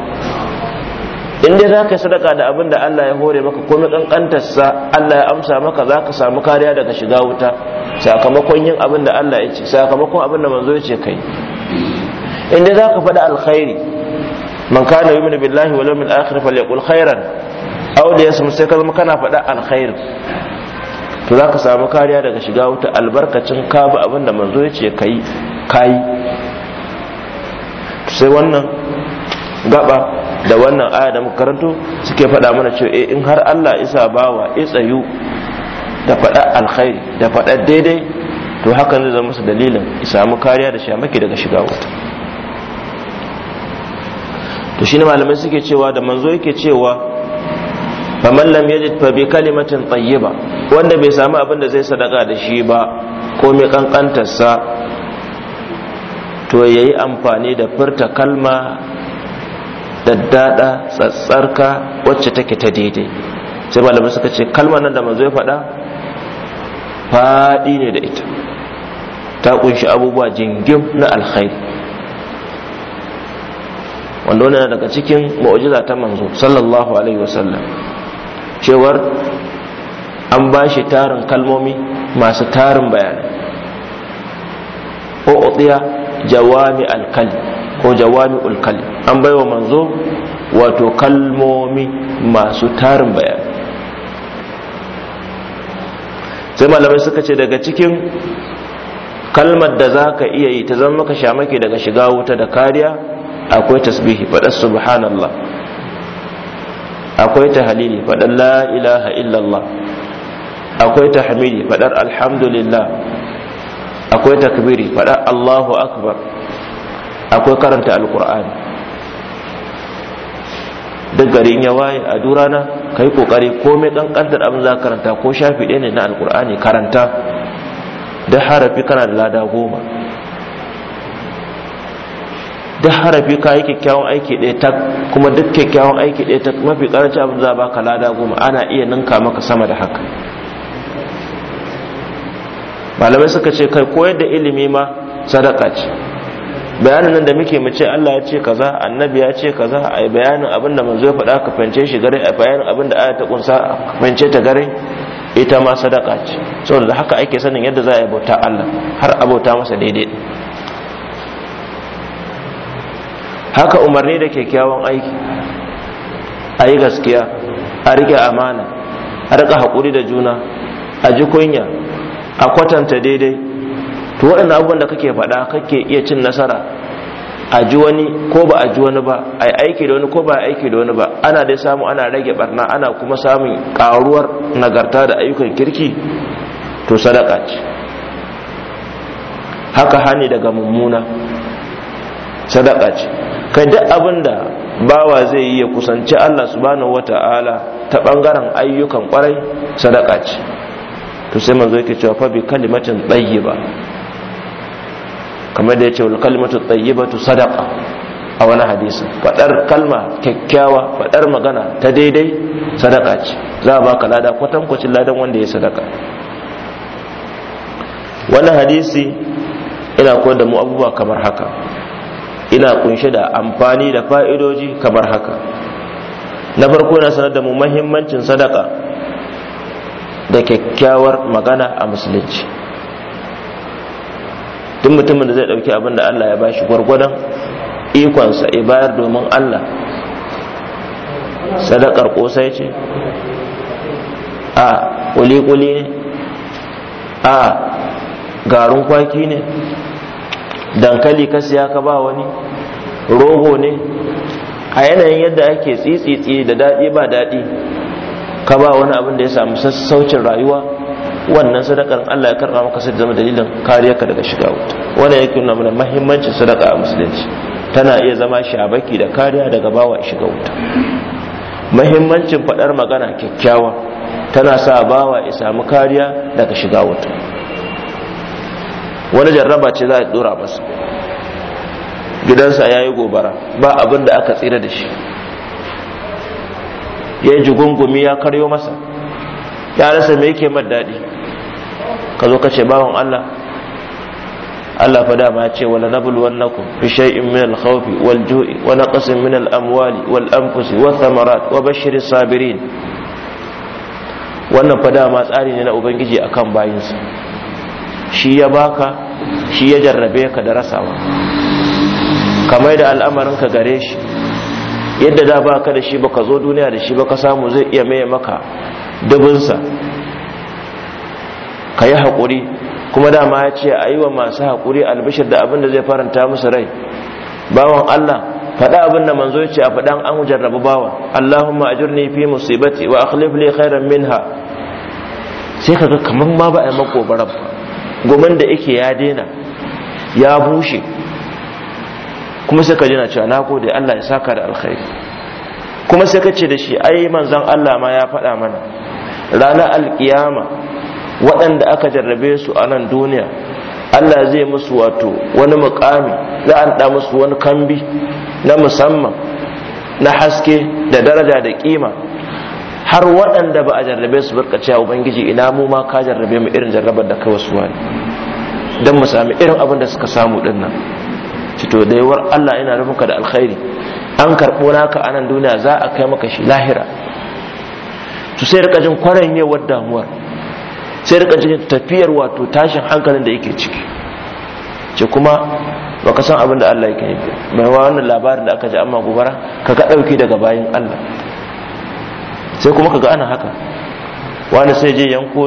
in dai zaka sadaka da abin da Allah ya hore maka komai kankantar sa Allah ya amsa maka zaka samu kariya daga shiga wuta sakamakon yin abin da Allah ya ce sakamakon abin da manzo ya ce kai in dai zaka faɗi alkhairi man kana yu'minu billahi wal yawmil akhir falyaqul khairan aw yasmu sai ka zama kana fada alkhair to za ka samu kariya daga shiga wuta albarkacin ka bi abin da manzo ya ce ka yi kayi sai wannan gaba da wannan aya da muka karanto suke faɗa mana cewa eh in har Allah isa bawa ya tsayu da faɗa alkhairi da faɗa daidai to hakan zai zama masa dalilin samu kariya da shamaki daga shiga wata. to shine malamai suke cewa da manzo yake cewa man lam yajid fa bi kalimatin tayyiba wanda bai samu abin da zai sadaka da shi ba ko mai kankantarsa to yayi amfani da furta kalma daddada tsatsarka wacce take ta daidai sai malamai suka ce kalmar nan da manzo ya faɗa faɗi ne da ita ta kunshi abubuwa jingim na alkhairi wanda wani daga cikin mu'jiza ta manzo sallallahu alaihi wasallam cewar an ba shi tarin kalmomi masu tarin bayanai ko jawami alkal ko jawami ulkal an baiwa manzo wato kalmomi masu tarin bayan sai malamai suka ce daga cikin kalmar da za ka iya yi ta zama ka shamake daga shiga wuta da kariya akwai tasbihi faɗar subhanallah akwai ta halili faɗar la ilaha illallah akwai ta hamidi faɗar alhamdulillah akwai takbiri faɗa Allahu akbar akwai karanta alkur'ani duk garin ya waye a durana ka yi ƙoƙari komai ƙanƙantar abin za karanta ko shafi ɗaya ne na alkur'ani karanta da harafi kana da lada goma duk harafi ka yi kyakkyawan aiki ɗaya tak kuma duk kyakkyawan aiki ɗaya tak mafi ƙarancin abin za baka lada goma ana iya ninka maka sama da haka malamai suka ce kai koyar da ilimi ma sadaka ce bayanin nan da muke mu ce Allah ya ce kaza annabi ya ce kaza ai bayanin abin da manzo ya faɗa ka fance shi gare a bayanin abin da ayata kunsa ka fance ta gare ita ma sadaka ce saboda haka ake sanin yadda za a yi bauta Allah har a masa daidai haka umarni da kyakkyawan aiki a yi gaskiya a rike amana a rika haƙuri da juna a ji kunya a kwatanta daidai to waɗanda abubuwan da kake faɗa kake iya cin nasara a ji wani ko ba a ji wani ba a aiki da wani ko ba a aiki da wani ba ana dai samu ana rage barna ana kuma samun ƙaruwar nagarta da ayyukan kirki to sadaka ce haka hani daga mummuna sadaka ce kai duk abin da bawa zai yi ya kusanci Allah subhanahu wata'ala ta bangaren ayyukan kwarai sadaka ce to sai manzo yake cewa fa bi kalimatin tayyiba kamar da yace wal kalimatu tayyibatu sadaqa a wani hadisi fadar kalma kyakkyawa fadar magana ta daidai sadaka ce za a baka lada kwatankwacin ladan wanda ya sadaka Wani hadisi ina koyar da mu abubuwa kamar haka ina kunshe da amfani da fa'idoji kamar haka na farko na sanar da mu mahimmancin sadaka da kyakkyawar magana a musulunci duk mutumin da zai ɗauki abin da Allah ya bashi gwargwadon ikonsa ya bayar domin Allah sadakar kosai ce a kuli ne a garin kwaki ne dankali ka ka ba wani rogo ne a yanayin yadda ake tsitsitsi da daɗi ba daɗi ka ba wani abin da ya samu sassaucin rayuwa wannan sadakar Allah ya karɓa maka sai zama dalilin kariyarka daga shiga wuta wannan yake nuna mana muhimmancin sadaka a musulunci tana iya zama shabaki da kariya daga bawa shiga wuta muhimmancin faɗar magana kyakkyawa tana sa bawa ya samu kariya daga shiga wuta wani jarraba ce za a dora masa gidansa ya yi gobara ba abin da aka tsira da shi ya ji gungumi ya karyo masa ya rasa me yake mar daɗi ka zo ka ce bawan Allah Allah fa dama ya ce wala nabluwannakum bi shay'in min al-khawfi wal ju'i wa naqsin min al-amwali wal anfusi wa thamarat wa bashshir sabirin wannan fa dama tsari ne na ubangiji akan bayinsa shi ya baka shi ya jarrabe ka da rasawa kamar da al'amarin ka gare shi yadda da ba ka da shi ba ka zo duniya da shi ba ka samu zai iya maye maka dubinsa ka yi haƙuri kuma dama ya ce a yi wa masu haƙuri albishir da abin da zai faranta musu rai bawan Allah faɗa abin da manzo ya ce a faɗan an jarrabu bawa Allahumma ajirni fi musibati wa akhlif li khairan minha sai kaga kamar ma ba a yi makobara ba gomin da yake ya daina ya bushe kuma sai ka jina cewa na gode Allah ya saka da alkhairi kuma sai ka ce da shi ai manzon Allah ma ya faɗa mana ranar alkiyama waɗanda aka jarrabe su a nan duniya Allah zai musu wato wani mukami za a da musu wani kambi na musamman na haske da daraja da kima har waɗanda ba a jarrabe su barka cewa ubangiji ina mu ma ka jarrabe mu irin jarrabar da ka wasu wani don mu sami irin abin da suka samu ɗin ci to da yawar Allah yana nufin ka da alkhairi an karɓo naka a nan duniya za a kai maka shi lahira to sai rika jin kwaranyewar damuwar sai rika jin tafiyar wato tashin hankalin da yake ciki ce kuma baka san abin da Allah yake yi mai wannan labarin da aka ji amma gubara, ka ga dauke daga bayan Allah sai kuma ka ga ana haka wani sai je yanko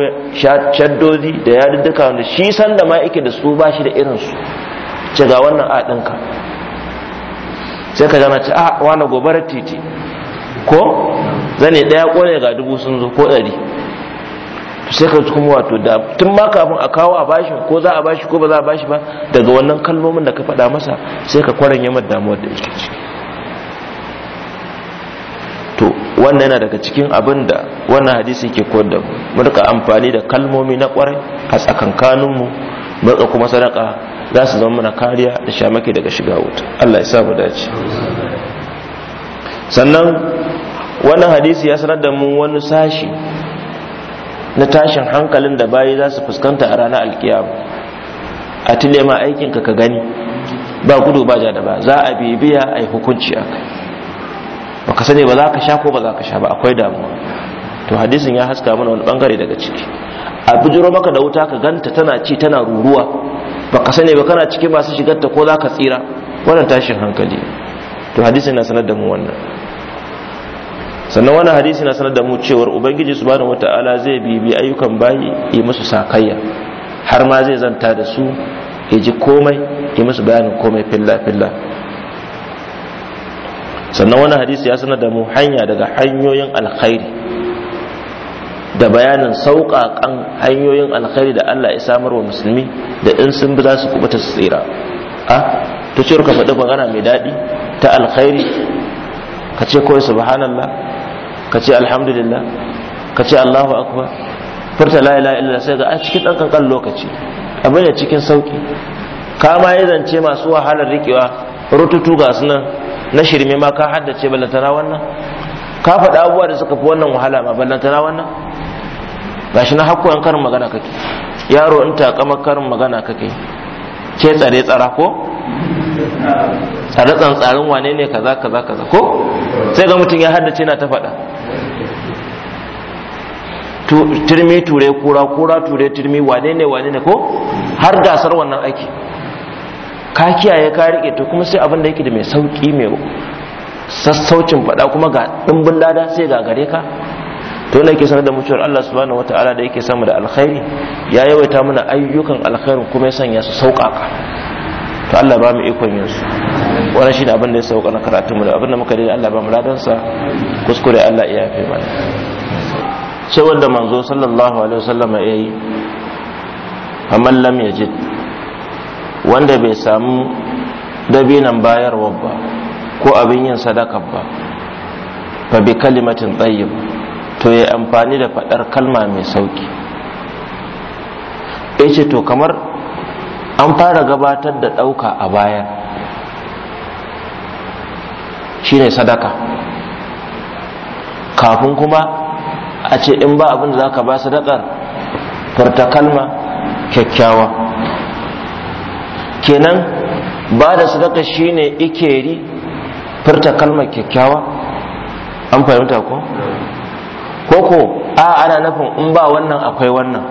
shaddozi da duka wanda shi san da ma yake da su ba shi da irinsu ce ga wannan aɗinka sai ka zama ce a ah, wani gobarar titi ko zane ɗaya ƙone ga dubu sun zo ko ɗari sai ka kuma wato da tun ma kafin a kawo a bashi ko za a bashi ko ba za a bashi ba daga wannan kalmomin da ka faɗa masa sai ka kwaran yamar damuwar da yake ciki to wannan yana daga cikin abin da wannan hadisi ke koyar da mu rika amfani da kalmomi na kwarai a tsakankaninmu mu kuma sadaka za su zama mana kariya da shamaki daga shiga wuta Allah ya sa mu dace sannan wannan hadisi ya sanar da mu wani sashi na tashin hankalin da bayi za su fuskanta a ranar alkiyama a tile ma aikin ka ka gani ba gudu ba ja da ba za a bibiya a yi hukunci a kai baka sani ba za ka sha ko ba za ka sha ba akwai damuwa to hadisin ya haska mana wani bangare daga ciki a bijiro maka da wuta ka ganta tana ci tana ruruwa ba ka sani ba kana cikin masu shigar ta ko za ka tsira wannan tashin hankali to hadisi na sanar da mu wannan sannan wannan hadisi na sanar da mu cewar ubangiji subhanahu wata'ala zai bibi ayyukan bayi yi musu sakayya har ma zai zanta da su ya ji komai yi musu bayanin komai filla filla sannan wani hadisi ya sanar da mu hanya daga hanyoyin alkhairi da bayanin sauƙaƙan hanyoyin alkhairi da Allah ya samar wa musulmi da in sun bi za su kubuta su tsira a ta ce ka faɗi magana mai daɗi ta alkhairi ka ce kawai subhanallah ka ce alhamdulillah ka ce Allahu akbar furta la ilaha illallah sai ga a cikin ɗan kankan lokaci abin da cikin sauƙi ka ma ya zance masu wahalar riƙewa rututu ga sunan na shirme ma ka haddace ballantana wannan ka faɗa abubuwa da suka fi wannan wahala ma ballantana wannan shi na hakko karin magana kake yaro in takama karin magana kake ke tsare tsara ko tsare tsantsarin wane ne kaza kaza kaza ko sai ga mutum ya haddace na ta faɗa turmi ture kura kura ture turmi wane ne wane ne ko har gasar wannan aiki ka kiyaye ka rike to kuma sai abin da yake da mai sauki mai sassaucin faɗa kuma ga ɗimbin lada sai ga gare ka ne yake sanar da mutuwar Allah subhanahu wataala da yake sama da alkhairi ya yawaita mana ayyukan alkhairin kuma ya sanya su sauƙaƙa to Allah ba mu ikon yin su wannan shine abin da ya sauka na karatu mu da abin da muka dai Allah ba mu ladan sa kuskure Allah ya yafe mana sai wanda manzo sallallahu alaihi wasallam ya yi amman lam yajid wanda bai samu dabinan bayarwa ba ko abin yin sadaka ba fa bi kalimatin tayyib to ya amfani da faɗar kalma mai sauki ya ce to kamar an fara gabatar da ɗauka a baya ne sadaka kafin kuma a ce in ba abin da za ka ba sadakar furta kalma kyakkyawa kenan ba da sadaka shine ikeri furta kalma kyakkyawa an fahimta ko? koko a ana nufin in ba wannan akwai wannan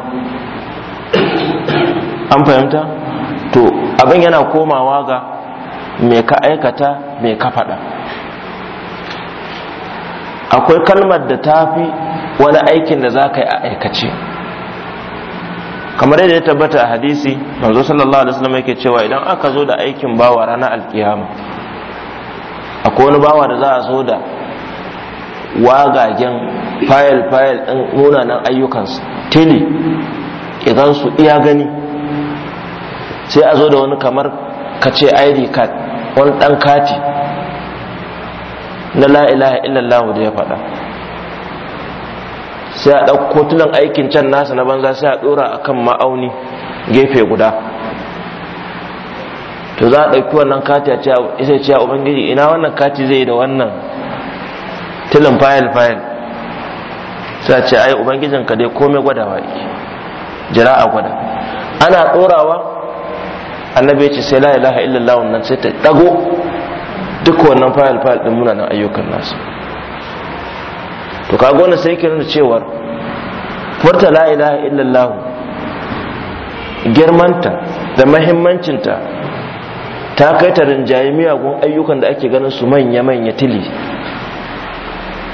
an fahimta to abin yana komawa ga me ka aikata me ka faɗa akwai kalmar da ta fi wani aikin da za ka yi a aikace kamar yadda ya tabbata a hadisi manzo sallallahu alaihi wasallam yake cewa idan aka zo da aikin bawa ranar alkiyama akwai wani bawa da za a zo da wagagen fayil-fayil ɗin munanan ayyukansu tili idan su iya gani sai a zo da wani kamar ka ce id card wani ɗan kati na la'ilaha illallahu da ya faɗa sai a ɗauko tunan aikin can nasa na banza sai a ɗora a kan ma'auni gefe guda to za a ɗauki wannan kati a ce ya ubangiji ina wannan kati zai da wannan filin fayil fayil sai ce ai ubangijin ka dai komai gwadawa yake jira a gwada ana tsorawa annabi ya ce sai la ilaha illallah wannan sai ta dago duk wannan fayil fayil din muna nan ayyukan nasu to kaga wannan sai ke nuna cewar furta la ilaha illallah girmanta da mahimmancinta ta kai ta rinjaye miyagun ayyukan da ake ganin su manya-manya tili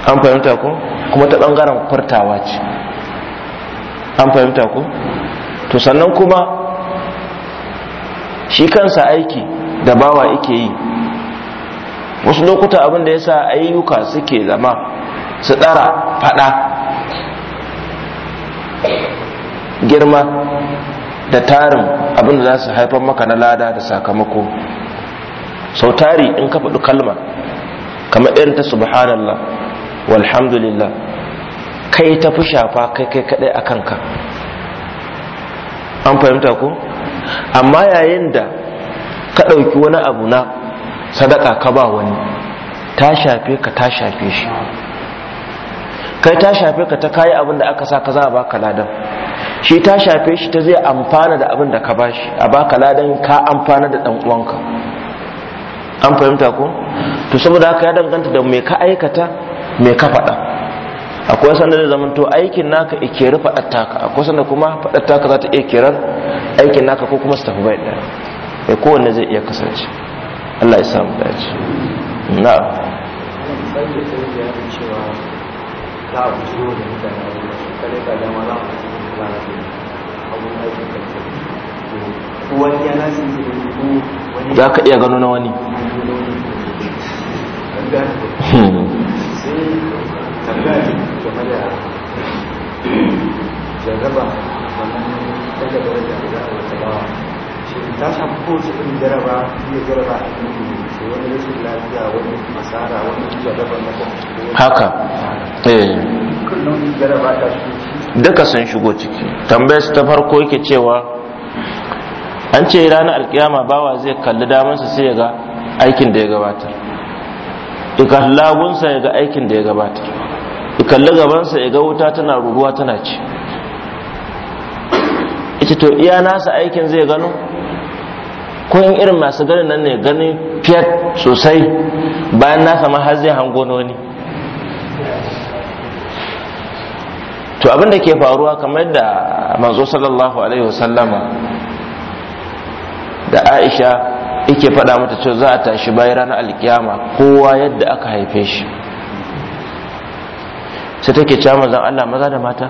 an fahimta ko kuma ta bangaren furtawa ce an fahimta ko to sannan kuma shi kansa aiki da bawa yake yi wasu lokuta abin da ya sa ayyuka suke zama su ɗara faɗa girma da tarin abinda za su haifar maka na lada da sakamako sau tari in ka faɗi kalma kamar irin ta subhanallah walhamdulillah kai ta fi shafa kai kai kadai a kanka an fahimta ko amma yayin da ka ɗauki wani abu na sadaka ka ba wani ta shafe ka ta shafe shi kai ta shafe ka ta kayi abin da aka sa ka za a baka ladan shi ta shafe shi ta zai amfana da abin da ka bashi a baka ladan ka amfana da dan uwanka an fahimta ko to saboda haka ya danganta da me ka aikata me ka faɗa akwai sanda zai zama to aikin naka ikeri rufa taka akwai sanda kuma faɗar taka za ta iya kerar aikin naka ko kuma su tafi bai ɗaya ya eh, kowanne zai iya kasance Allah ya samu dace na za ka iya gano na wani hmm. tambaya game ta haka eh. sun shigo ciki tambayar ta farko yake cewa an ce ranar alkiyama bawa zai kalli damansa sai ya ga aikin da ya gabata. ya kalla ya ga aikin da ya gabata ya gabansa ya ga wuta tana ruruwa tana ce, ita to iya nasa aikin zai gano ko in irin masu ganin nan ne gani fiyat sosai bayan nasa ma har zai hangono wani to abinda ke faruwa kamar da manzo sallallahu alaihi wasallama da aisha yake faɗa mata cewa za a tashi bayan ranar alkiyama kowa yadda aka haife shi sai take cewa mazan Allah maza da mata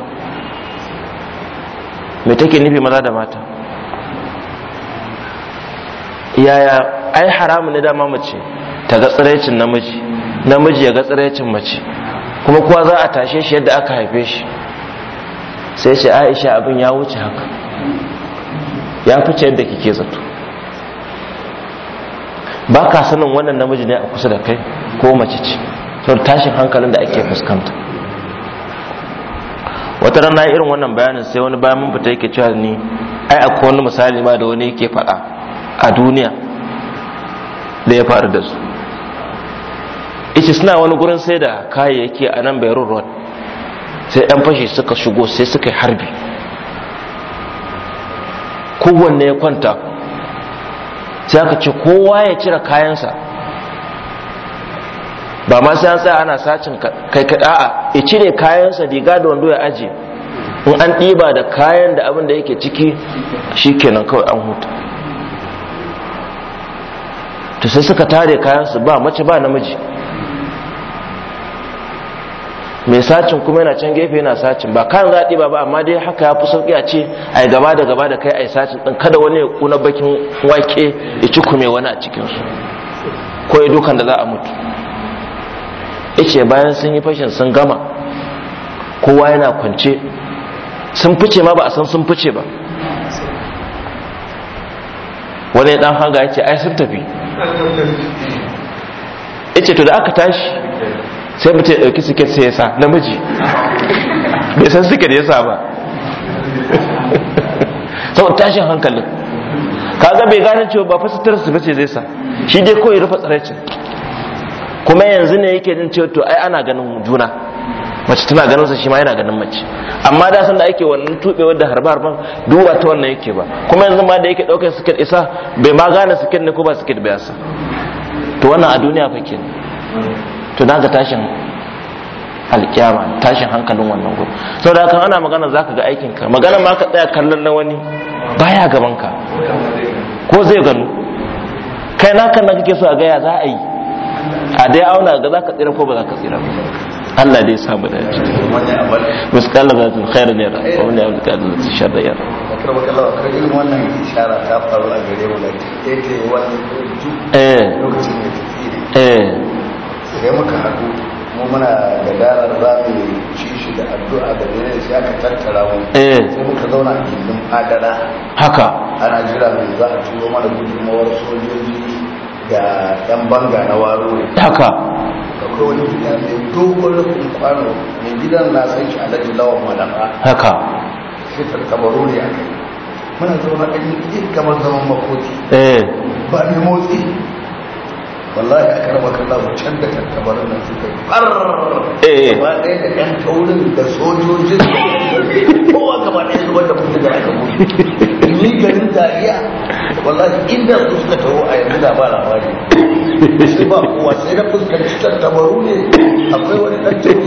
me take nufi maza da mata yaya ai haramu ne dama mace ta ga tsiraicin namiji namiji ya ga tsiraicin mace kuma kuwa za a tashe shi yadda aka haife shi sai ce aisha abin ya wuce haka ya fice yadda kike zato ba ka sanin wannan namiji ne a kusa da kai ko mace ce to tashin hankalin da ake fuskanta wata rana irin wannan bayanin sai wani bayan mun fita yake cewa ni ai akwai wani misali ma da wani yake faɗa a duniya da ya faru da su ice suna wani gurin sai da kayayyaki a nan beirut road sai yan fashi suka shigo sai suka yi harbi kowanne ya kwanta sai aka ce kowa ya cire kayansa ba ma sai an tsaya ana sacin kai kai a'a ya cire kayansa riga da wando ya aje in an ɗiba da kayan da abin da yake ciki shi nan kawai an huta to sai suka tare kayansu ba mace ba namiji mai sacin kuma yana can gefe yana sacin ba kayan zaɗi ba ba amma dai haka ya fi sauƙi a ce a yi gaba da gaba da kai a yi sacin ɗin kada wani ya ƙuna bakin wake ya ci kume wani a cikinsu ko ya dukan da za a mutu ice bayan sun yi fashin sun gama kowa yana kwance sun fice ma ba a san sun fice ba wani ɗan hanga ya ce ai sun tafi ice to da aka tashi sai ya ɗauki siket sai ya sa namiji bai san siket ya sa ba *laughs* saboda tashin hankalin kaga bai gane cewa ba fasitar su bace zai sa shi dai kawai rufe tsaraicin kuma yanzu ne yake jin cewa to ai ana ganin juna mace tana ganin sa shi ma yana ganin mace amma da san da ake wannan wadda har harba harban duba ta wannan yake ba kuma yanzu ma da yake daukar siket isa bai ma gane siket ne ko ba siket bai asa to wannan a duniya fa kenan to da tashin alkiyama tashin hankalin wannan gudu sau da ana magana za ka ga aikinka magana ma ka tsaya kallon na wani baya ka, ko zai gano kai na kan kake so a gaya za a yi a dai auna ga za ka tsira ko ba za ka tsira ba Allah dai samu da yaji muskal da zatin khairu ne wa wani abu da zai sharra ya karba kai irin wannan ishara ta faru a gare mu da ke wani eh sai muka haɗu mu muna da darar za mu ci shi da addu'a da ne sai aka tattara mu eh. sai muka zauna a gindin adara haka ana jira mai za a turo mana gudunmawar sojoji da yan banga na waro haka akwai wani gida mai dogon rufin kwano mai gidan na san shi alaji lawan malaka haka sai tattabaru ne a kai muna zauna ɗan yi kamar zaman makoki eh. ba mai motsi wallahi a karama kalla mu can da kan nan suka yi far eh. gaba ɗaya da ɗan taurin da sojojin kowa gaba ɗaya su wanda kuma da aka mutu ni garin dariya wallahi inda su suka taho a yanzu da ba labari sai ba kowa sai na fuskanci can ne akwai wani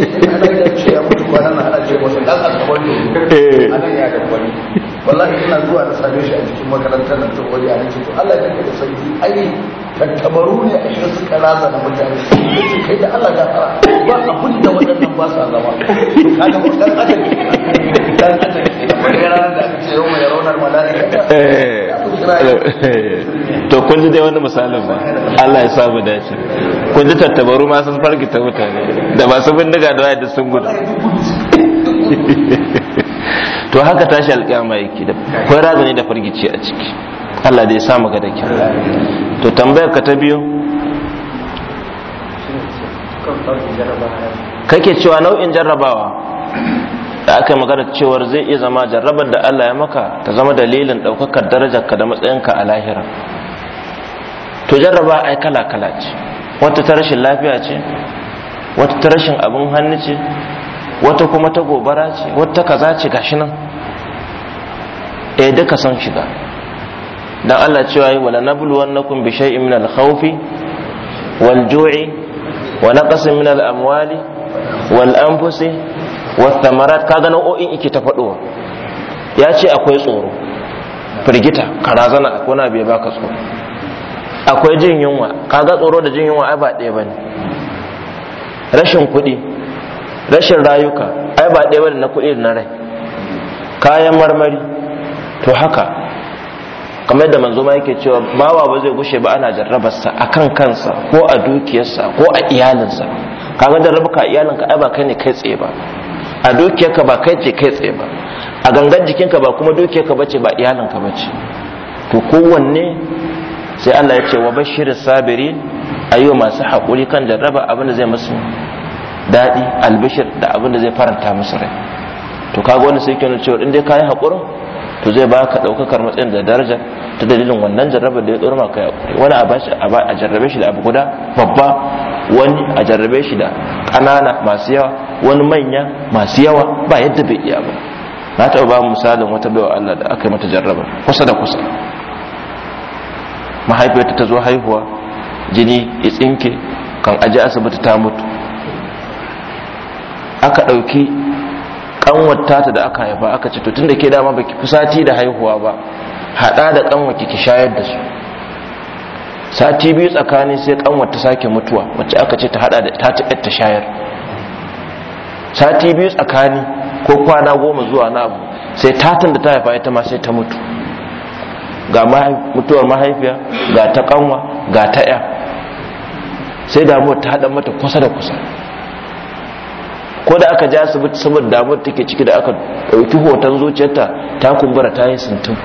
ɗan ana ya mutu na ana ce masa ɗan alkabar ne eh. ana yada wallahi ina zuwa na same shi a cikin makarantar nan tun waje a to Allah ya da sauki ai tattabaru ne a shi suka rasa da mutane su kai da Allah gafara ba abin da waɗannan ba sa zama kaga mutan adam dan aka da aka da ake yau mai raunar mala'ika eh, eh, eh. to kun ji dai wani misalin ba Allah ya samu dace kun ji tattabaru ma sun fargita mutane da masu bindiga da wayar da sun gudu to haka tashi alƙiyama yake da akwai razani da firgici a ciki Allah dai samu ga da to tambayar ka ta biyu kake cewa nau'in jarrabawa da aka yi magana cewar zai iya zama jarrabar da Allah ya maka ta zama dalilin ɗaukakar ka da matsayinka a lahira to jarraba ai kala kala ce wata ta rashin lafiya ce wata ta rashin abin hannu ce wata kuma ta gobara ce wata kaza ce gashi nan eh duka san shiga dan Allah cewa yi wala nabluwannakum bi shay'in min al-khawf wal ju'i wa naqsin min al-amwali wal anfusi wath thamarat kaga o'in ike ta faɗowa ya ce akwai tsoro firgita karazana akwai na bai baka tsoro akwai jin yunwa kaga tsoro da jin yunwa ai ba ɗaya bane rashin kuɗi rashin rayuka ai ba ɗaya bane na kuɗi da na rai kayan marmari to haka kamar da manzo ma yake cewa bawa ba zai gushe ba ana jarrabarsa a kan kansa ko a dukiyarsa ko a iyalinsa kaga jarraba ka iyalinka ai ba kai ne kai tsaye ba a dukiyarka ba kai ce kai tsaye ba a gangan jikinka ba kuma dukiyarka ba ce ba iyalinka ba ce to kowanne sai Allah ya ce wa bashirin sabirin ayo masu haƙuri kan jarraba abin da zai masu. daɗi albishir da abin da zai faranta musu rai to kaga wani sai kenan cewa in dai kayi to zai baka ɗaukakar matsayin da daraja ta dalilin wannan jarrabar da ya tsoro maka ya wani a jarrabe shi da abu guda babba wani a jarrabe shi da ƙanana masu yawa wani manya masu yawa ba yadda bai iya ba na taɓa ba misalin wata baiwa Allah da aka yi mata jarraba kusa da kusa mahaifiyarta ta zo haihuwa jini ya tsinke kan aje asibiti ta mutu aka ɗauki ƙanwar tata da aka haifa aka ce to tun da ke dama ba ki sati da haihuwa ba haɗa da ƙanwar ki shayar da su sati biyu tsakanin sai ƙanwar ta sake mutuwa wacce aka ce ta haɗa da ta taɓa ta shayar sati biyu tsakani ko kwana goma zuwa na abu sai tatan da ta haifa ita ma sai ta mutu ga mutuwar mahaifiya ga ta ƙanwa ga ta ya sai damuwar ta haɗa mata kusa da kusa ko da aka ja asibiti saboda damar take ciki da aka ɗauki hoton zuciyarta ta kumbura ta yi sintin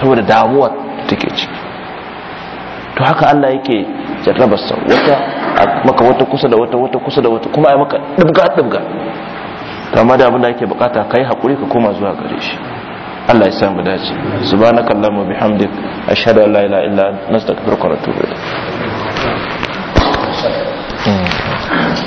saboda damuwa take ciki to haka Allah yake jarrabar sa wata maka wata kusa da wata wata kusa da wata kuma ai maka dubga dubga to amma da abin da yake bukata kai hakuri ka koma zuwa gare shi Allah ya samu dace subhanakallahumma bihamdik ashhadu an la ilaha illa anta astaghfiruka wa atubu ilayk hmm.